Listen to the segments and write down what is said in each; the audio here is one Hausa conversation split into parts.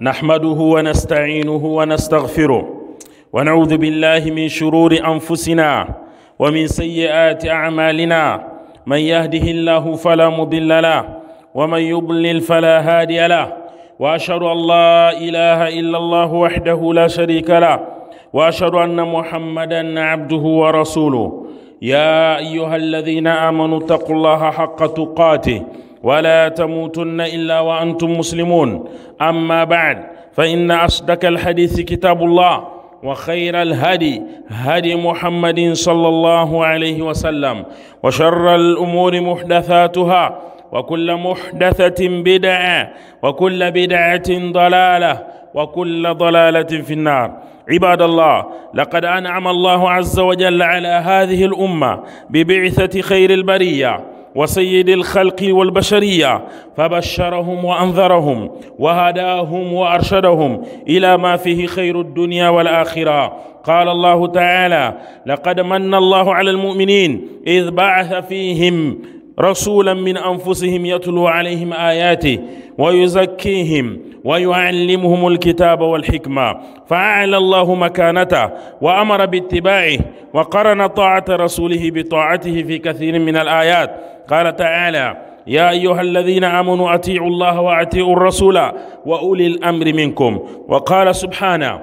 نحمده ونستعينه ونستغفره ونعوذ بالله من شرور انفسنا ومن سيئات اعمالنا من يهده الله فلا مضل له ومن يضلل فلا هادي له واشهد ان لا اله الا الله وحده لا شريك له واشهد ان محمدا عبده ورسوله يا ايها الذين امنوا اتقوا الله حق تقاته ولا تموتن إلا وأنتم مسلمون أما بعد فإن أصدق الحديث كتاب الله وخير الهدي هدي محمد صلى الله عليه وسلم وشر الأمور محدثاتها وكل محدثة بدعة وكل بدعة ضلالة وكل ضلالة في النار عباد الله لقد أنعم الله عز وجل على هذه الأمة ببعثة خير البرية وسيد الخلق والبشرية فبشرهم وأنذرهم وهداهم وأرشدهم إلى ما فيه خير الدنيا والآخرة قال الله تعالى لقد من الله على المؤمنين إذ بعث فيهم رسولا من انفسهم يتلو عليهم اياته ويزكيهم ويعلمهم الكتاب والحكمه فاعلى الله مكانته وامر باتباعه وقرن طاعه رسوله بطاعته في كثير من الايات قال تعالى يا ايها الذين امنوا اطيعوا الله واطيعوا الرسول واولي الامر منكم وقال سبحانه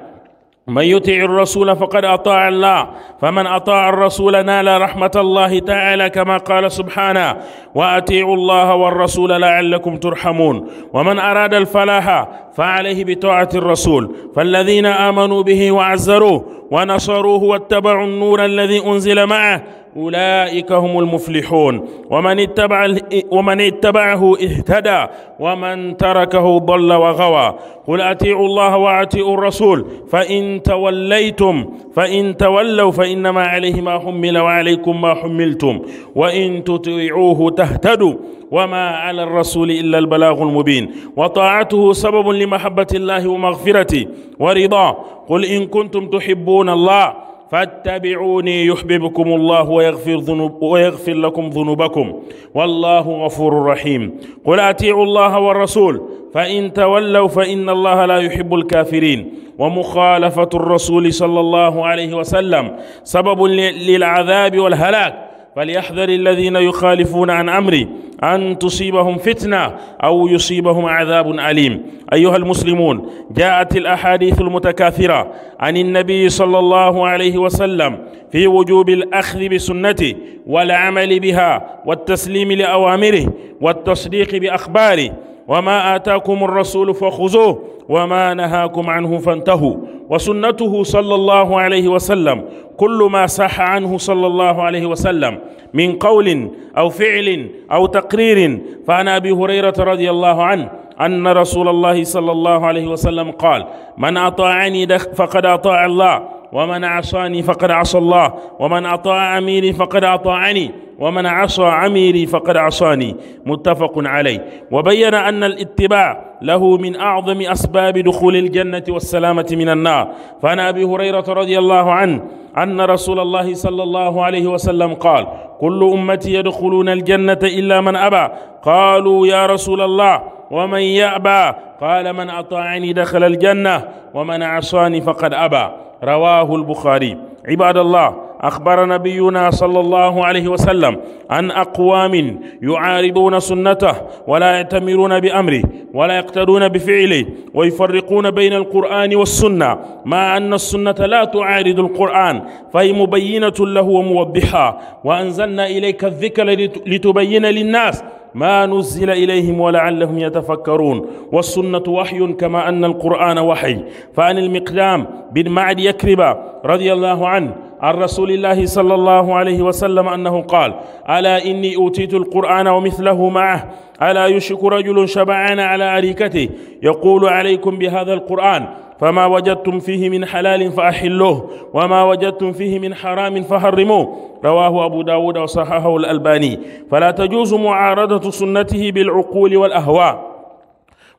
من يطع الرسول فقد اطاع الله فمن اطاع الرسول نال رحمه الله تعالى كما قال سبحانه واتيعوا الله والرسول لعلكم ترحمون ومن اراد الفلاح فعليه بطاعه الرسول فالذين امنوا به وعزروه ونصروه واتبعوا النور الذي انزل معه أولئك هم المفلحون ومن اتبع ومن اتبعه اهتدى ومن تركه ضل وغوى قل أتيعوا الله وأتيعوا الرسول فإن توليتم فإن تولوا فإنما عليه ما حمل وعليكم ما حملتم وإن تطيعوه تهتدوا وما على الرسول إلا البلاغ المبين وطاعته سبب لمحبة الله ومغفرته ورضاه قل إن كنتم تحبون الله فاتبعوني يحببكم الله ويغفر, ذنوب ويغفر لكم ذنوبكم والله غفور رحيم قل أطيعوا الله والرسول فإن تولوا فإن الله لا يحب الكافرين ومخالفة الرسول صلى الله عليه وسلم سبب للعذاب والهلاك فليحذر الذين يخالفون عن امري ان تصيبهم فتنه او يصيبهم عذاب اليم ايها المسلمون جاءت الاحاديث المتكاثره عن النبي صلى الله عليه وسلم في وجوب الاخذ بسنته والعمل بها والتسليم لاوامره والتصديق باخباره وما آتاكم الرسول فخذوه وما نهاكم عنه فانتهوا وسنته صلى الله عليه وسلم كل ما صح عنه صلى الله عليه وسلم من قول أو فعل أو تقرير فعن أبي هريرة رضي الله عنه أن رسول الله صلى الله عليه وسلم قال من أطاعني فقد أطاع الله ومن عصاني فقد عصى الله ومن أطاع أميري فقد أطاعني ومن عصى عميري فقد عصاني متفق عليه وبين أن الاتباع له من أعظم أسباب دخول الجنة والسلامة من النار فعن أبي هريرة رضي الله عنه أن رسول الله صلى الله عليه وسلم قال كل أمتي يدخلون الجنة إلا من أبى قالوا يا رسول الله ومن يأبى قال من أطاعني دخل الجنة ومن عصاني فقد أبى رواه البخاري عباد الله أخبر نبينا صلى الله عليه وسلم عن أقوام يعارضون سنته ولا يأتمرون بأمره ولا يقتدون بفعله ويفرقون بين القرآن والسنة مع أن السنة لا تعارض القرآن فهي مبينة له وموضحة وأنزلنا إليك الذكر لتبين للناس ما نزل إليهم ولعلهم يتفكرون والسنة وحي كما أن القرآن وحي فعن المقدام بن معد يكرب رضي الله عنه عن رسول الله صلى الله عليه وسلم أنه قال ألا إني أوتيت القرآن ومثله معه ألا يشك رجل شبعان على أريكته يقول عليكم بهذا القرآن فما وجدتم فيه من حلال فأحلوه وما وجدتم فيه من حرام فحرموه رواه أبو داود وصححه الألباني فلا تجوز معارضة سنته بالعقول والأهواء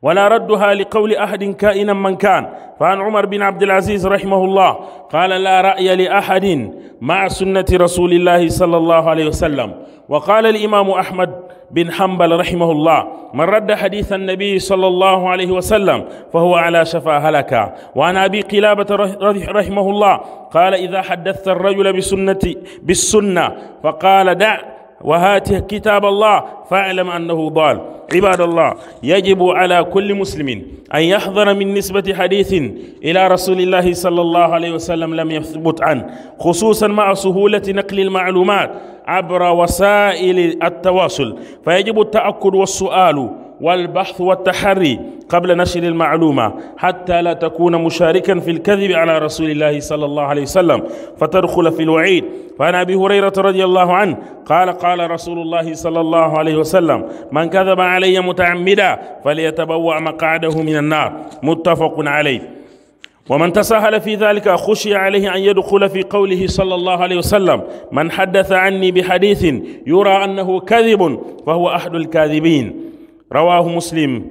ولا ردها لقول أحد كائنا من كان فعن عمر بن عبد العزيز رحمه الله قال لا رأي لأحد مع سنة رسول الله صلى الله عليه وسلم وقال الإمام أحمد بن حنبل رحمه الله من رد حديث النبي صلى الله عليه وسلم فهو على شفا هلكا وعن أبي قلابة رحمه الله قال إذا حدثت الرجل بسنة بالسنة فقال دع وهات كتاب الله فاعلم أنه ضال عباد الله يجب على كل مسلم أن يحذر من نسبة حديث إلى رسول الله صلى الله عليه وسلم لم يثبت عنه خصوصا مع سهولة نقل المعلومات عبر وسائل التواصل فيجب التأكد والسؤال والبحث والتحري قبل نشر المعلومة حتى لا تكون مشاركا في الكذب على رسول الله صلى الله عليه وسلم فتدخل في الوعيد فعن أبي هريرة رضي الله عنه قال قال رسول الله صلى الله عليه وسلم من كذب علي متعمدا فليتبوأ مقعده من النار متفق عليه ومن تساهل في ذلك خشي عليه أن يدخل في قوله صلى الله عليه وسلم من حدث عني بحديث يرى أنه كذب فهو أحد الكاذبين رواه مسلم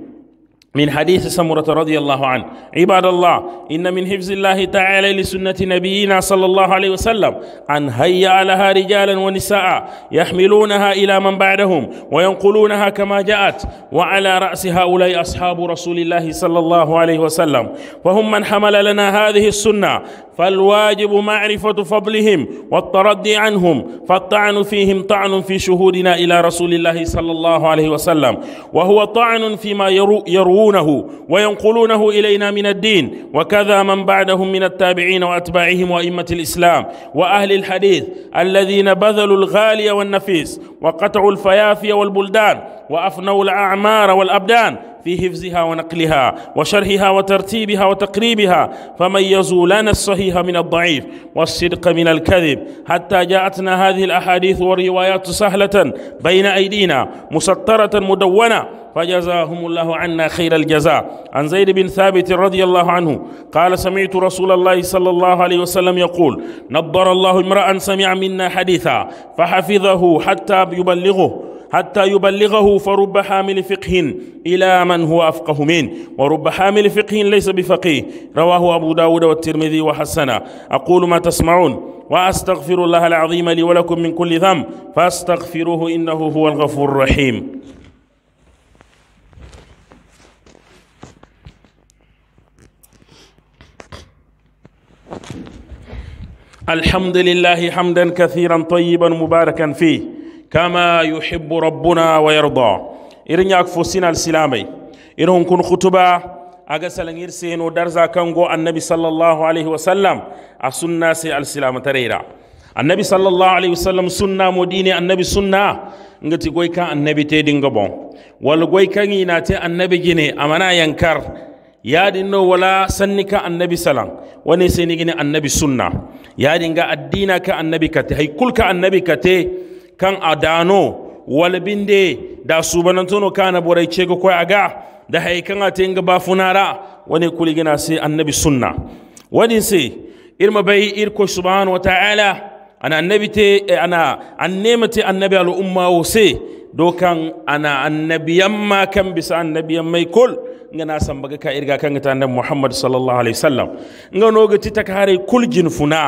من حديث سمرة رضي الله عنه عباد الله إن من حفظ الله تعالى لسنة نبينا صلى الله عليه وسلم أن هيأ لها رجالا ونساء يحملونها إلى من بعدهم وينقلونها كما جاءت وعلى رأس هؤلاء أصحاب رسول الله صلى الله عليه وسلم وهم من حمل لنا هذه السنة فالواجب معرفة فضلهم والتردي عنهم فالطعن فيهم طعن في شهودنا إلى رسول الله صلى الله عليه وسلم وهو طعن فيما يرو يروونه وينقلونه إلينا من الدين وكذا من بعدهم من التابعين وأتباعهم وأئمة الإسلام وأهل الحديث الذين بذلوا الغالي والنفيس وقطعوا الفيافي والبلدان وأفنوا الأعمار والأبدان في حفظها ونقلها وشرحها وترتيبها وتقريبها فميزوا لنا الصحيح من الضعيف والصدق من الكذب حتى جاءتنا هذه الأحاديث والروايات سهلة بين أيدينا مسطرة مدونة فجزاهم الله عنا خير الجزاء عن زيد بن ثابت رضي الله عنه قال سمعت رسول الله صلى الله عليه وسلم يقول نبر الله امرأ سمع منا حديثا فحفظه حتى يبلغه حتى يبلغه فرب حامل فقه إلى من هو أفقه منه ورب حامل فقه ليس بفقيه رواه أبو داود والترمذي وحسنا أقول ما تسمعون وأستغفر الله العظيم لي ولكم من كل ذنب فاستغفروه إنه هو الغفور الرحيم الحمد لله حمدا كثيرا طيبا مباركا فيه kama yuhibbu rabbuna wa yarda irin yak fo sinal silamai irin kun khutuba aga salangir seno darza kango annabi sallallahu alaihi wasallam a sunna sai al silama tarera annabi sallallahu alaihi wasallam sunna mo dine annabi sunna ngati goy kan annabi te dinga bon wal goy kan ina te annabi gine amana yankar yadin no wala sannika annabi salam wani sai ni annabi addina annabi kate kulka annabi kate kan adano walbinde da subanantono kana borai cego koy aga da haikan a tinga ba funara wani kuligina sai annabi sunna wani sai irma bai irko subhanahu wa ta'ala ana annabi te eh, ana annema te annabi al umma wo sai dokan ana annabiyan ma kan bisa annabiyan mai kul ngana baga ka irga kan ta annabi muhammad sallallahu alaihi wasallam ngano ga ti takare kul jin funa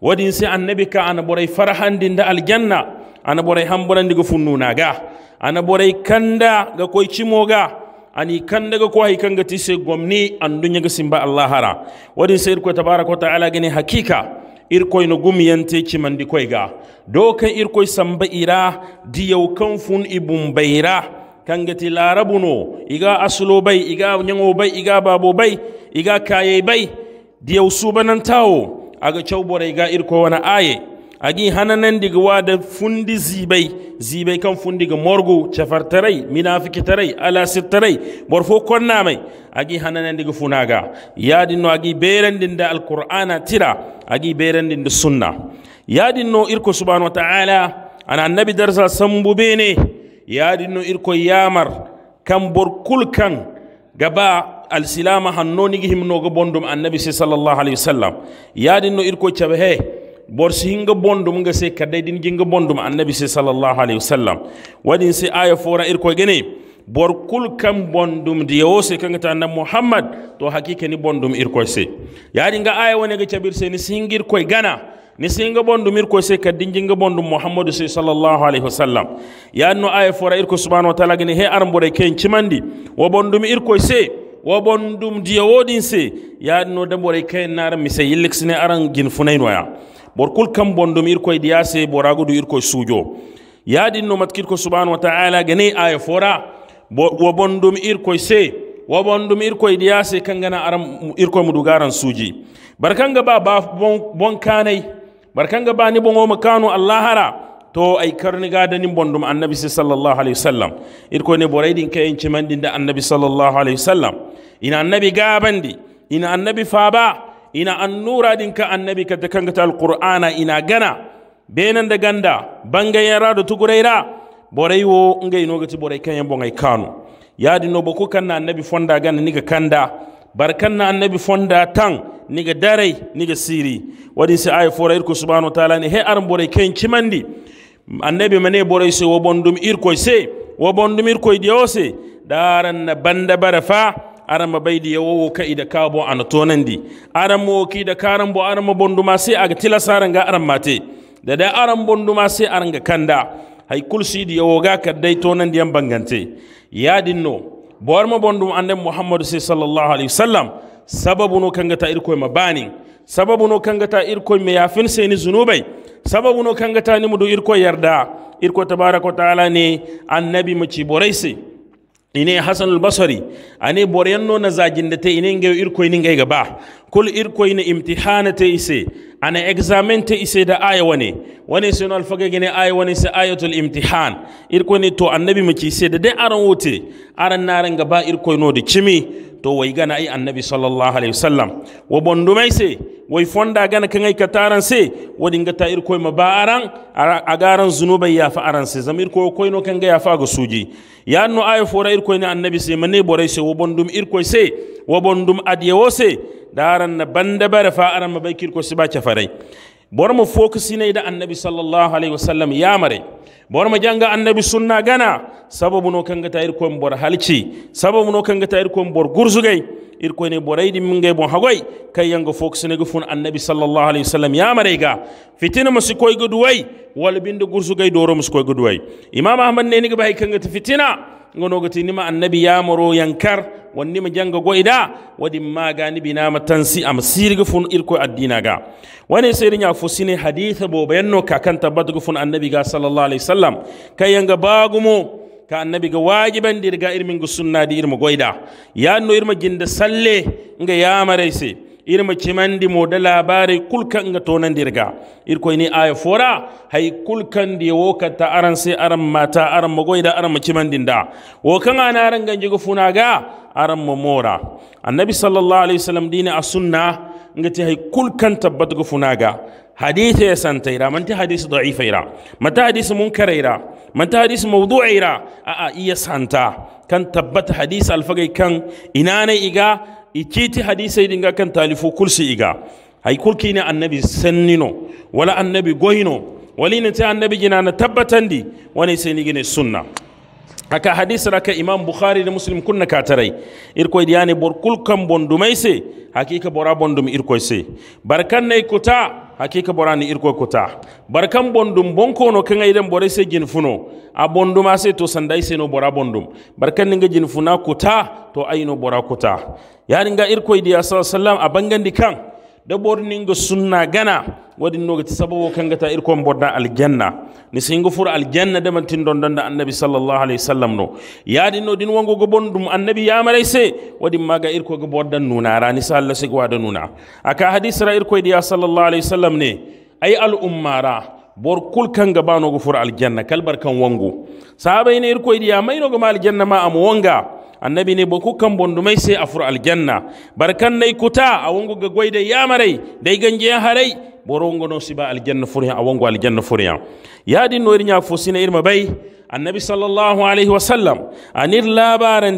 Wani sai annabi ka ana borai farhan din da aljanna ana boray na ga. ana borai kanda ga cimo ga. ani kanda ga ko haikan ga tise gwamni. an dunya ga simba allah hara wadin sayyid ko tabaraka wa ta'ala gani hakika irkoy no gumiyante mandi koy ga do kan samba ira diyau kan fun ibum bayra kanga ti larabuno iga aslo bai iga nyango bai iga babo bai iga kaye bai diyau subanan tawo aga cawbora iga irko wana aye agi hananen diga wada fundi zibai zibai kan fundi ga morgo chafartarai minafikitarai alasittarai borfo konna mai agi hananen diga funaga yadin no agi berandin da alqur'ana tira agi berandin da sunna yadin no irko subhanahu wa ta'ala ana annabi darsa sambu bene yadin no irko yamar kan borkul kan gaba alsilama hannonigi himnogo bondum annabi sallallahu alaihi wasallam yadin no irko chabe he bor si hinga bondum nga se kadai din nga bondum annabi se sallallahu alaihi wasallam wadin se aya fora irko gene bor kul kam bondum di yo se kanga ta muhammad to hakike ni bondum irko se yadi nga aya wone ga cabir se ni singir koy gana ni si singa bondum irko se kadin nga bondum muhammadu se sallallahu alaihi wasallam yadno aya fora irko subhanahu wa ta'ala gene he aram bore ken cimandi wo bondum irko se wo bondum di yo wodin se yadno dambore ken nar mi se yilliksine aran gin funaynoya kul kam bondum irkoy diyase boragudu irkoy no matkir ko subhanahu wa taala gane ay fora wo bondum koy se wo bondum koy diase kangana aram irkoy mudugaran suji barkanga ba ba bon kanai barkanga ba ni bongo makanu allahara to ay karni dani bondum annabi sallallahu alaihi wasallam koy ne boraydin kay cimandin da annabi sallallahu alaihi wasallam ina annabi gabandi ina annabi faba ina an nura din ka annabi ka ta kanga ta alqur'ana ina gana benan da ganda bangan yara da tuguraira borai wo ngai no gati borai kan yambo ngai kanu yadi no boku kan annabi fonda gana niga kanda barkan annabi fonda tan niga darai niga siri wadi sai ay fora irko subhanahu ta'ala ni he aran borai kan kimandi annabi mane borai sai wo bondum irko sai wo bondum irko diose daran na banda barafa arama baydi ya wawo ka ida kabo ana tonandi aramo kiida karambo arama ma sai aga ga da arammate dada aram sai se aranga kanda hay kulsidi yo woga kadday tonandi yam bangante yadinno bowarma bondu ande muhammadu sallallahu alaihi wasallam sababu no ta irko ma bani sababu no kangata ya me sai ni zunubai sababu no ta ni mudu irko yarda irko tabaraka taala ne annabi mu ci boraisi ine hasan albasari ane boryanno na te ine ngeyo irkoyni ga ba kul imtihana te ise ana examen te ise da aya wane wane sino alfaga gine aya wane se ayatul imtihan ne to annabi mu ci da dai aran wote aran naran gaba irkoyno da cimi to wai gana ay annabi sallallahu alaihi wasallam wo bondumay se way fonda gana kan ay kataran se wodi ngata ir koy ma baaran a garan zunubai ya fa aran se zamir ko koy no kan ga ya fa ga suji ya no ay fora ir koy ne annabi se manne boray se wo bondum ir koy se wo bondum adiye wo se daran na banda bare fa aran ma baykir ko siba farai. bormo fokusine da annabi sallallahu alaihi wa sallam yamare bormo janga annabi sunna gana sababu no kanga tayir kon bor halci sababu no kanga tayir kon bor gurzugay ir boray boraydi mingay bon hagoy kay yanga fokusine ne fun annabi sallallahu alaihi wa sallam yamare ga fitina masi koyga duway walla binde gursugay doro masi koyga duway imam ahmad ne ga bay kanga fitina ngonogati nima annabi yamoro yankar wannima janga goyda wadi maga ni binama tansi am sirga fun irko addina ga wani sai nya fusine haditha bo bayanno ka kan tabbatu fun annabi ga sallallahu alaihi wasallam kayanga bagumo ka annabi ga wajiban dirga irmin sunna di irmo goyda yanno irma jinda salle nga yamare sai irma cimandi mo da labari kulkan ga tonan dirga irko ni aya fora hay kulkan di wokata aran sai aran mata aran magoida aran macimandin da wokan ana ran ganje go funaga aran momora annabi sallallahu alaihi wasallam dini a sunna ngati hay kulkan tabbat go funaga hadith ya santa ira man ta hadith da'ifa ira mata hadith munkara ira mata hadith mawdu'i ira a a iya santa kan tabbat hadith alfagai kan inane iga ikiti hadisai dinga kan talifu kulsi iga hay ne annabi sannino wala annabi goyno ne ta annabi gina na di wani sai ni gine sunna haka hadis raka imam bukhari da muslim kunna katarai irkoy diyane bor kulkan bondumai se hakika bora bondum irkoy se barkan ne kuta hakika bora ni irko kota barkan bondum bonkono kan aidan bore se funo a bonduma se to sandai se no bora bondum barkan ninga funa kota to aino bora kota ga irko idi sallallahu alaihi wasallam a bangan dikan da bor ninga sunna gana wadin noga ti sababu kanga ta irkon bodda aljanna ni singo fur aljanna de mantin don don da annabi sallallahu alaihi wasallam no yadin no din wango go bondum annabi ya mare se wadin maga irko go boddan nuna rani sallallahu alaihi wasallam nuna aka hadis ra irko diya sallallahu alaihi wasallam ne ay al ummara bor kul kan gabano go fur aljanna kalbar kan wango sahabai ne irko diya mai no go aljanna ma am wanga annabi ne boku kan bondumai sai a fur aljanna barkan nai kuta a wongo ga goyde yamarai day ganje harai boro gano no siba aljanna furiya a wongo aljanna furiya din no irnya na irma bai annabi sallallahu alaihi wasallam anir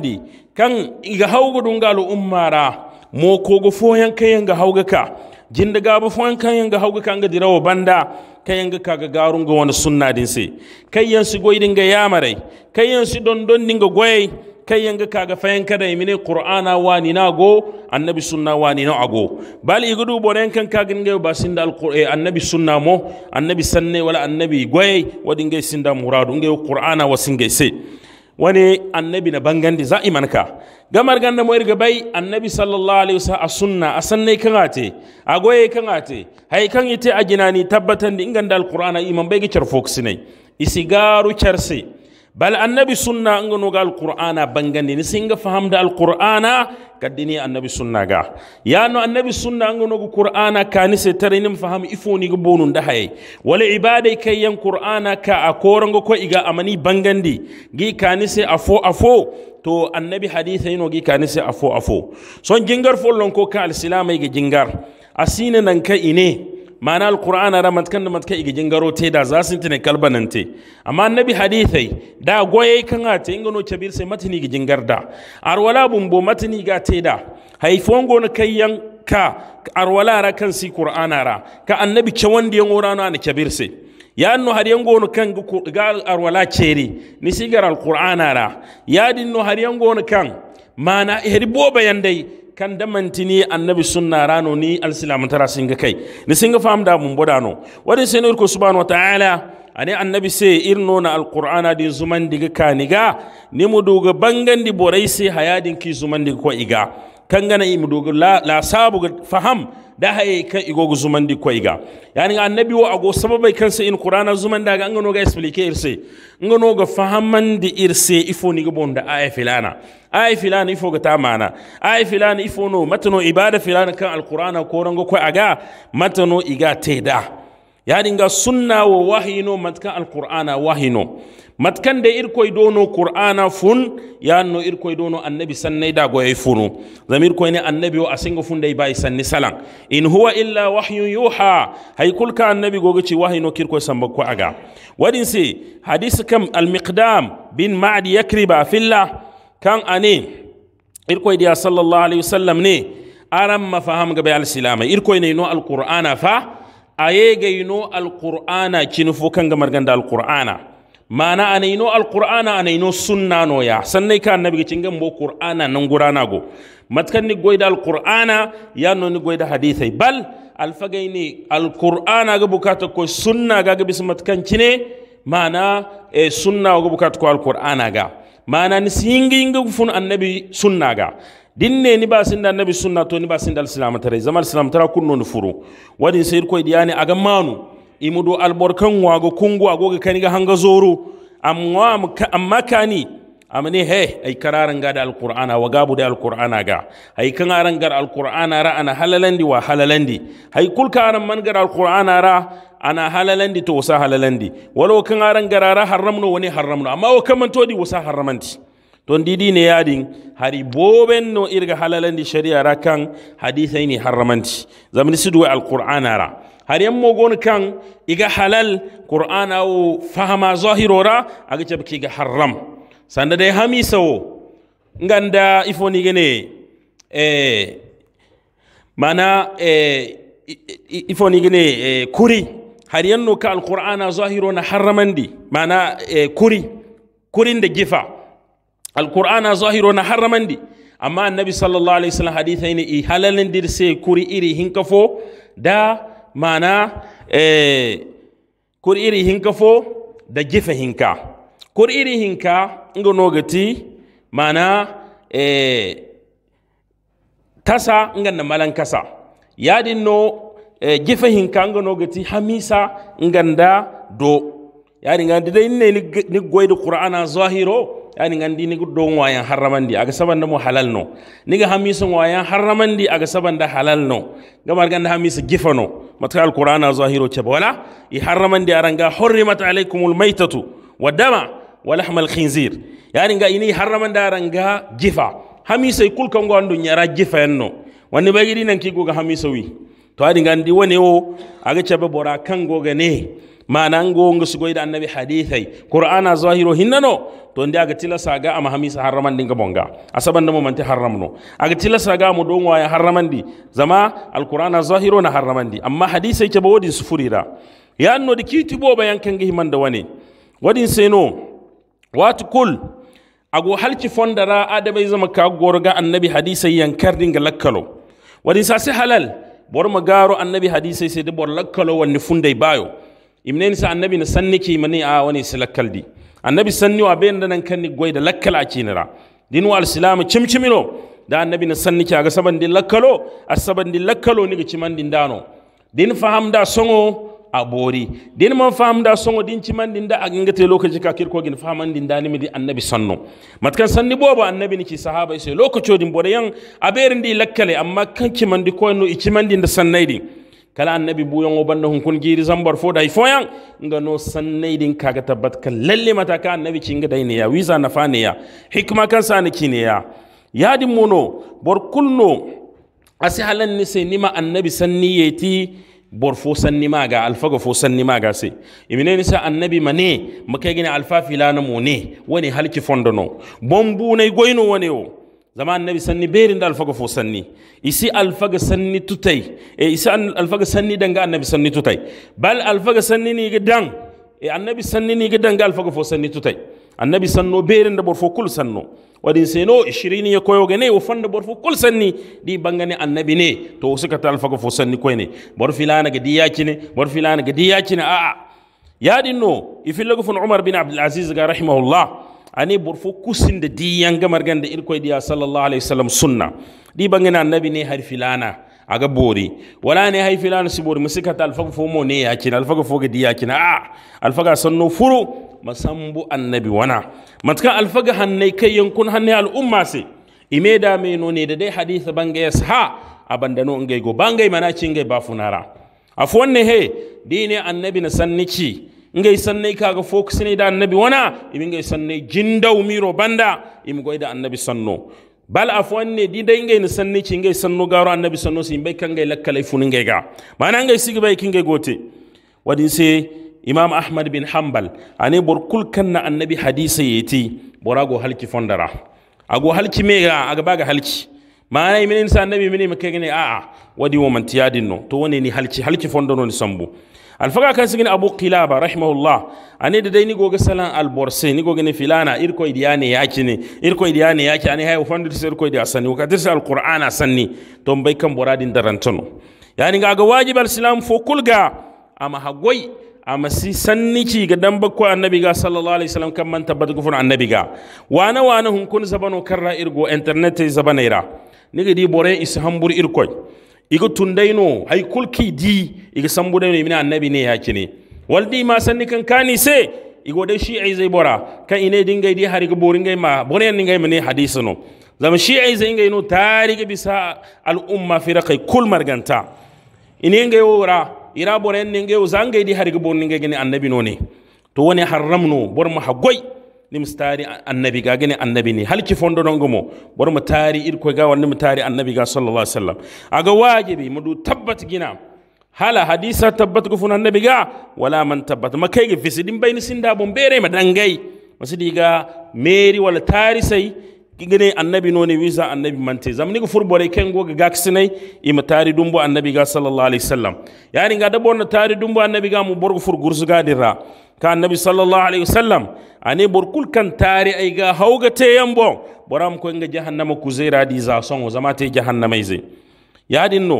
di. kan iga hawgo dungalu ummara mo kogo foyan kayan ga hawga ka jinda gaba foyan kayan ga hawga ka nga dirawo banda kayan ga kaga garun ga wani sunna din sai kayan su goyin ga yamarai kayan su dondon din ga goyai kai yanga kaga fayan kada imine qur'ana wa ni na go annabi sunna ni na ago bal igudu bonen kan kaga ngai ba sinda alqur'an eh, annabi sunna mo annabi sanne wala annabi goy wadi ngai sinda muradu ngai qur'ana singe se wani annabi na bangandi za imanka gamar ganda mo irga bai annabi sallallahu alaihi wasallam a sunna a kan ate a kan ate hay kan ite a tabbatan di inganda alqur'ana iman bai gicar ne isigaru charse bal annabi sunna nga noga alqur'ana bangandi ni singa fahamda alqur'ana kaddini annabi suna ga yano annabi sunna ga noga qur'ana kani se tarinim faham ifoni go bonun da haye wala ibadai kai yan qur'ana ka akorango ko iga amani bangande? gi kani se afo to annabi haditha yino gi kani se afo afo son jingar follon ko ka alsilamai ga jingar asine nan ka ine mana alkur'ana da matkan da matka igijin garo te da za su tine kalbanan te amma annabi hadithai da goye kan a te ingano kabir sai matini gijin garda arwala bumbo matini ga te da haifon gona yan ka arwala ra kan si qur'ana ra ka annabi ce wanda yan orano na kabir sai ya annu har yan gona kan ga arwala cere, ni sigar alkur'ana ra ya din har yan gona kan mana ihri bayan dai. kan damantini annabi sunna rano ni alsilamu tara singa kai ni singa fam da mun bodano wadi senor ko subhanahu wa ta'ala annabi se irno na alqur'ana din zuman diga kaniga ni muduga bangandi boraisi hayadin ki zuman diga ko iga Kan imu dogo la, la sabu faham da haye kan di zumandi koyga yani annabi wo ago sababai kansa in qur'ana zuman daga an gano ga explique irse ngano ga fahamman di irse ifo ni ga bonda ay filana ay filana ifo ga ta mana ay filana ifo no matano ibada filana kan alqur'ana ko rango ko aga matano iga teda yani ga sunna wo wahino matkan alqur'ana wahino matkande irkoy dono qur'ana fun ya no irkoy dono annabi sannay da goyay funu zamir koyne annabi o asingo funde bai sanni salan in huwa illa wahyun yuha hay kulka annabi no wahino kirkoy sambakko aga wadin se hadis kam al miqdam bin ma'd yakriba fillah kan ani irkoy dia sallallahu alaihi wasallam ne aram mafaham gabe al silama irkoy ne no al qur'ana fa ayege ayegayno al qur'ana cinufu kan gamarganda al qur'ana mana alkur'ana a naino sunna noya sannay ka annabi cingan bo qur'ana goida alkur'ana ya alqur'ana ni goida hadithai bal alfagayni alkur'ana ga bukata ko sunna ga ga bismatkan cine mana e sunna ga bukata ko alkur'ana ga mana ni singi inga fun annabi sunna ga dinne ni ba da annabi sunna to ni ba da alislam tare zama alislam tara kunno ni furu wadin sayir ko diyani aga manu imudo alborkan wago kungu agoga kaniga hanga zoro amma amma kani amani he ay kararan ga da alqur'ana wa gabu da alqur'ana ga hay kan aran gar alqur'ana ra ana halalandi wa halalandi hay kul karan man gar alqur'ana ra ana halalandi to sa halalandi wala kan aran garara haramno wani haramno amma wa kaman todi wasa haramanti to didi ne yadin hari boben no irga halalandi shari'a ra kan hadisai ne haramanci zamani su duwa alqur'ana ra har haren mogon kan iga halal qur'ana wo fahama zahirora aga cebki ga haram sanda dai hamisa wo nganda ifoni gene eh mana eh ifoni gene eh, kuri haren no ka alqur'ana zahirona haramandi mana eh, kuri kurin da gifa alqur'ana zahirona haramandi amma annabi sallallahu alaihi wasallam hadithai ne i halalin dirse kuri iri hinkafo da mana eh, kur iri hinka fo da gife hinka kur iri hinka nga nogati mana eh, tasa nga na malan kasa yadin no eh, hinka nga nogati hamisa nga da do yadin nga dai ne ni goyi da qur'ana zahiro yani ngandi ni do waya haramandi aga sabanda mo halal no ni ga hamisa waya haramandi aga sabanda halal no gamar ganda hamisa gifano matal qur'ana zahiro chaba wala i haramandi aranga hurrimat alaykumul maytatu wadama khinzir yani ga ini haramanda aranga jifa hamisa kul ko andu nyara jifa enno wani bagiri nan go ga hamisa wi to adi ngandi wone o aga chabe bora kango ga ne su goyi da annabi hadithai qur'ana zahiro hinnano to ndi aga tila saga ama hamisa harraman dinga bonga asaban namu manti harramno aga tila saga mu don waya di zama alqur'ana zahiro na di amma hadisai ke bawodi sufurira ya anno di kiti bayan kan gi himanda wane wadin seno watu kul ago halci fondara adabai zama ka gorga annabi hadisai yankar dinga lakkalo wadin sai halal bor magaro annabi hadisai sai da bor lakkalo wanni fundai bayo imneni nisa annabi na sanniki mani a wani silakkal di annabi sanni wa bayan nan kan goy da lakkal a kinira din wa alsilamu cimcimino da annabi na sanniki aga saban din lakkalo saban din lakkalo ni ga ciman din dano din faham da songo a bori din man faham da songo din ciman din da a gangate lokaci ka kirko gin fahaman din da mi annabi sanno matkan sanni bo ba annabi ni ki sahaba sai lokaci din a aberin din lakkale amma kan kiman di ko no i ciman din da sannai din kala annabi buyon oban da hunkun giri zambar fo da ifoyan nga no sannai kaga tabbat kan lalle mata ka annabi cinga dai ne ya wisa na fa ne ya hikma kan sa ne kine ya yadin mono bor kulno asi halan ni sai nima annabi sanni yeti bor fo sanni maga alfaga fo sanni maga se imine ni sa annabi mane makai gina alfafi filana mone ne wani halki fondono bombu ne goyno wane o zama annabi sanni berin da alfaga fo sanni isi alfaga sanni tutai e isi alfaga sanni danga annabi sanni tutai bal alfaga sanni ni gidan e annabi sanni ni gidan ga alfaga fo sanni tutai annabi sanno berin da borfo kul sanno wadin seno 20 ya koyo gane wo fanda borfo kul sanni di bangane annabi ne to suka ta alfaga fo sanni koy ne bor filana ga diya kine bor filana ga diya kine a a yadin no ifillagu fun umar bin abdul aziz ga rahimahullah ani fo kusinde diyanga margande irkoy diya sallallahu alaihi wasallam sunna di bangena annabi ne har filana aga bori wala ne hay filana si bori musikata fago fo mo ne ya al fago fo ya kina a ah, faga sanno furu masambu annabi wana matka faga hanne kai yankun hannai al'umma se imeda da me no ne da dai hadisa bangaya sa abanda no ngai go bangai mana cinge bafunara afwanne he dine annabi na sanni ci. ngay sannay kaga ne da annabi wana imi ngay sannay jindaw miro banda imi goyda annabi sanno bal afwan ne di dai ngay ni sanni ci ngay sanno garo annabi sanno sin bay kan ngay lakkalay funu ngay ga mana ngay sigi bay ki ngay gote wadin se imam ahmad bin hanbal ani bor kul kanna annabi hadisi yeti borago halki fondara ago halki mega aga baga halki mana imi sa annabi mini makegene a a wadi wo man tiyadin no to woni ni halki halki fondono ni sambu alfaga kan sigin abu qilaba rahimahullah ani da dai ni goga salan alborse ni goga ni filana irko idiyane yaki ne irko idiyane yaki ani hay ufandu sir ko idiyane sanni wakati sal alqur'ana sanni to bai kan boradin darantono yani ga ga wajibal islam fo kulga ama hagoi amma si sanni ci ga dan bakko annabi ga sallallahu alaihi wasallam kan man tabbata gufun annabi ga wana wana hun kun zabano karra irgo internet zabanaira ni ga di bore is hambur irkoi iga tundaino hay kulki di iga ne imina annabi ne kine waldi ma sanni kan kani se igo de shi'i zai bora kan ine dingai di har iga boringai ma bone ningai mane hadisi no zama shi'i zai ngai no tarihi bisa al umma firaqai kul marganta ine ngai wora ira bore ningai uzangai di har iga boringai gani annabi no ne to wani haramno bor ma hagoi nim tari annabi ga gani annabi ne halki fondo don gomo bar mu tari irko ga wani mu tari annabi ga sallallahu alaihi wasallam aga wajibi mu du tabbat gina hala hadisa tabbat ku fun annabi ga wala man tabbat makai ga fisidin bayni sinda bon bere ma dangai masidi ga meri wala tari sai gane annabi no ne wisa annabi mante zamani ku furbore ken go ga gaksinai ima tari dumbo annabi ga sallallahu alaihi wasallam yani ga dabo na tari dumbo annabi ga mu borgo fur gursu ga dirra ka nabi sallallahu alaihi wasallam ani burkul kan tari ai ga hauga te yambo boram ko nga jahannama ku zai di za songo zama te jahannama ize yadin no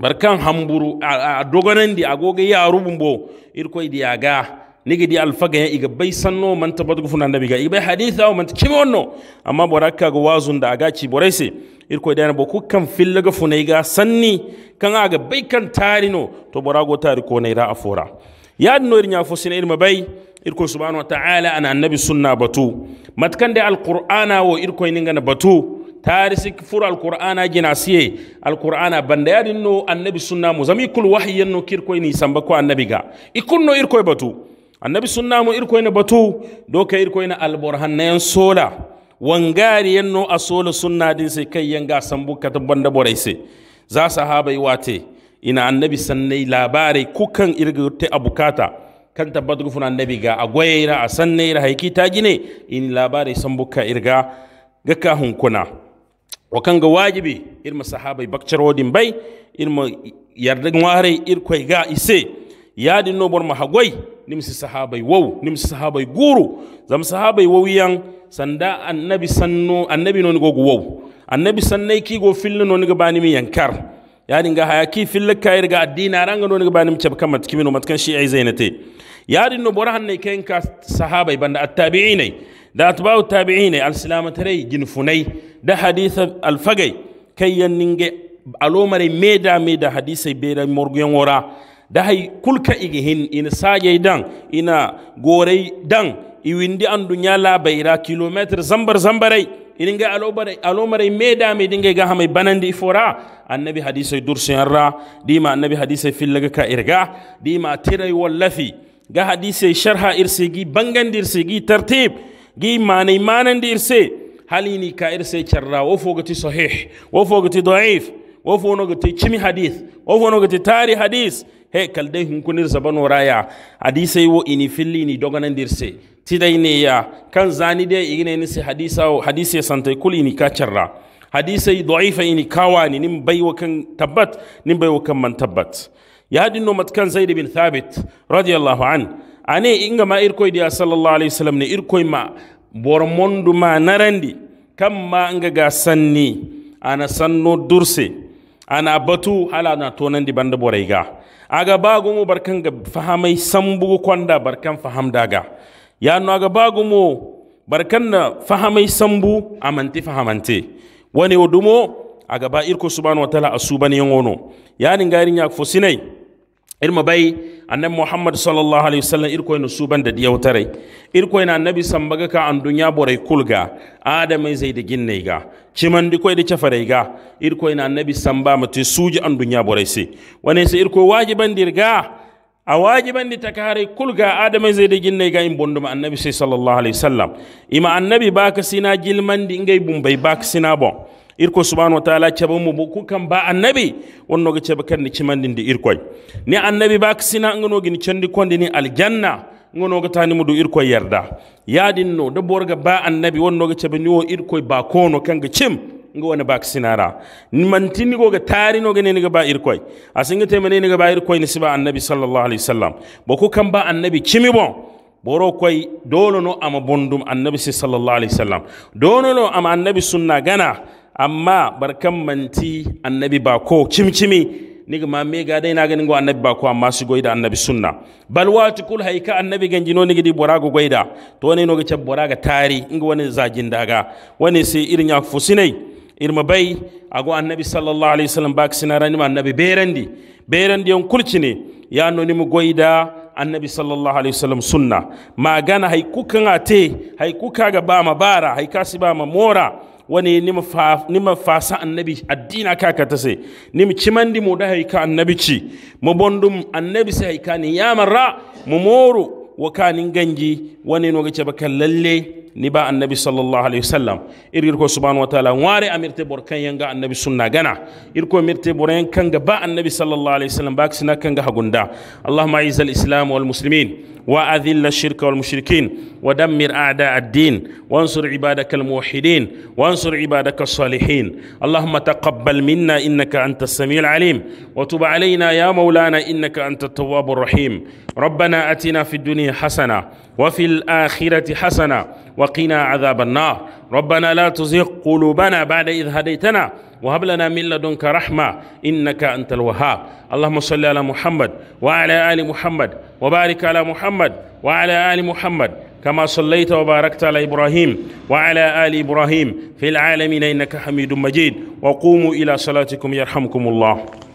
barkan hamburu a dogonan di agoge ya rubumbo irko di aga nigi di alfaga ya iga bai sanno man tabat gufun nabi ga ibai haditha o man kime wonno amma boraka ga wazun da aga ci borese irko idana bo ku kan filla ga funai ga sanni kan aga bai kan tari no to borago tari ko naira afora yaadi noori ñaa fo sine irma bay irko subhanahu wa ta'ala ana annabi sunna batu matkande alqur'ana wo irko ningana batu tarisi fur alqur'ana jina siye alqur'ana banda yaadi no annabi sunna mu zami kul wahyen no kirko ni samba ko annabi ga ikunno irko batu annabi sunna mu irko ne batu do ka irko ne alburhan nayan sola wangari yanno asola sunna din se kai yanga sambu kata banda borai sai za sahaba yi wate ina annabi sannai labarai kukan irgirte a bukata kan tabbatar funa annabi ga agwaira a sannai da haiki ta gine in labarai san buka irga ga kahun kuna wa kan ga wajibi irma sahabai bakcar wadin bai irma yardin ware irkwai ga ise yadin nobar mahagwai nimsi sahabai wau nimsi sahabai guru zam sahabai wau yan sanda annabi sannu annabi non gogu wau annabi sannai ki go fillo non ga banimi yankar yadin ga hayaki ki filla kayir ga addina ran gano ni banim chab kan matki mino matkan shi ai zainate yari no bora ne ken ka sahabai banda ne. da atba'u tabi'ine al silamatare ginfunai da hadith al fagai kai yanninge alomare meda meda hadisai bera morgun wora da hay kulka igihin ina saje dan ina gorei dan iwindi andu nyala bayra kilometer zambar zambarai iringa alobare alomare meda me dinga ga hamai banandi fora annabi hadisai dursin ra dima annabi hadisai fillaga ka irga dima tirai wallafi ga hadisai sharha irsegi bangandir sigi tartib gi manai manandir se halini ka irse charra wo fogati sahih wo fogati da'if wo fo no gati chimi hadith wo fo no gati tari hadith he kalde hun kunir sabano raya hadise wo ini filli ni dogana dirse tidai ne ya kan zani de igine ni se hadisa wo hadise sante kuli ni kacharra hadise dhaifa ini kawani nim baiwa kan tabbat nim baiwa kan man tabbat ya hadin no kan zaid bin thabit radiyallahu an ane inga ma irko dia sallallahu alaihi wasallam ne irko ma bor mondu ma narandi kam ma nga ga sanni ana sanno durse ana batu hala na tonan di banda borai ga aga mu barkan ga fahamai sambu kwanda barkan faham daga ya no aga mu barkan na fahamai sambu amante fahamante wani odumo aga ba irko subhanahu wa ta'ala asubani yongono yani ngari nyak fosinai irma bai annan muhammad sallallahu alaihi wasallam irko ina suban da diyau tarai irko ina annabi sambaga ka an dunya borai kulga adamai e zai da ginnai ga ciman dikoi da cafarai ga irko ina annabi samba mate suji an dunya borai se wani sai irko wajiban dirga a wajiban di takare kulga adamai e zai da ginnai ga in bonduma annabi sai sallallahu alaihi wasallam ima annabi baka sina jilman di ngai bumbai baka sina bon irko subhanahu wataala cebo mu ku kan ba annabi kan ni kandi cimandinde irko ni annabi ba gi ni cendi kondi ni aljanna ga tanimo dow irko yarda yadin no da borga ba annabi wonnoga caba ni wo irko ba kono ga cim ngo wona bak sinara mantini tari taari noga ni ga ba irkoye asinga tema ni ga ba irko ni siba annabi sallallahu alaihi wasallam bo ku ba annabi cimi bon boro koy dolono ama bondum annabi sallallahu alaihi wasallam dolono ama annabi sunna gana amma barkan manti annabi ba ko cimcimi ni ma me ga dai na ganin go annabi ba amma su goida annabi sunna bal wati kul haika annabi ganjino niga di borago goida to ne no ga ce boraga tari ga wani zagin daga wani sai irin ya fusinai irma bai ago annabi sallallahu alaihi wasallam ba kisina rani annabi berandi berandi yon kulcine ya no ni mu goida annabi sallallahu alaihi wasallam sunna magana haikukan ate haikuka ga ba mabara bara kasiba ba ma mora wani nima fasa annabi addina ka ta se nima cimandi mu da haika annabi ci mu bondum annabi sai haika ni marra mu moro wakanin ganji wani n'o ga ce baka lalle ni ba annabi sallallahu alaihi wasallam irir subhanahu wa ta'ala ware amirte bor kan yanga annabi sunna gana irko mirte bor yan kan ga ba annabi sallallahu alaihi wasallam ba kisina kan ga hagunda allahumma aiz al islam wal muslimin وأذل wa والمشركين ودمر أعداء الدين وانصر salihin. الموحدين وانصر عبادك الصالحين اللهم تقبل منا إنك أنت السميع العليم وتب علينا يا مولانا إنك أنت التواب الرحيم ربنا أتنا في الدنيا حسنة وفي الآخرة حسنة وقنا عذاب النار ربنا لا تزغ قلوبنا بعد إذ هديتنا وهب لنا من لدنك رحمة إنك أنت الوهاب اللهم صل على محمد وعلى آل محمد وبارك على محمد وعلى آل محمد كما صليت وباركت على إبراهيم وعلى آل إبراهيم في العالمين إنك حميد مجيد وقوموا إلى صلاتكم يرحمكم الله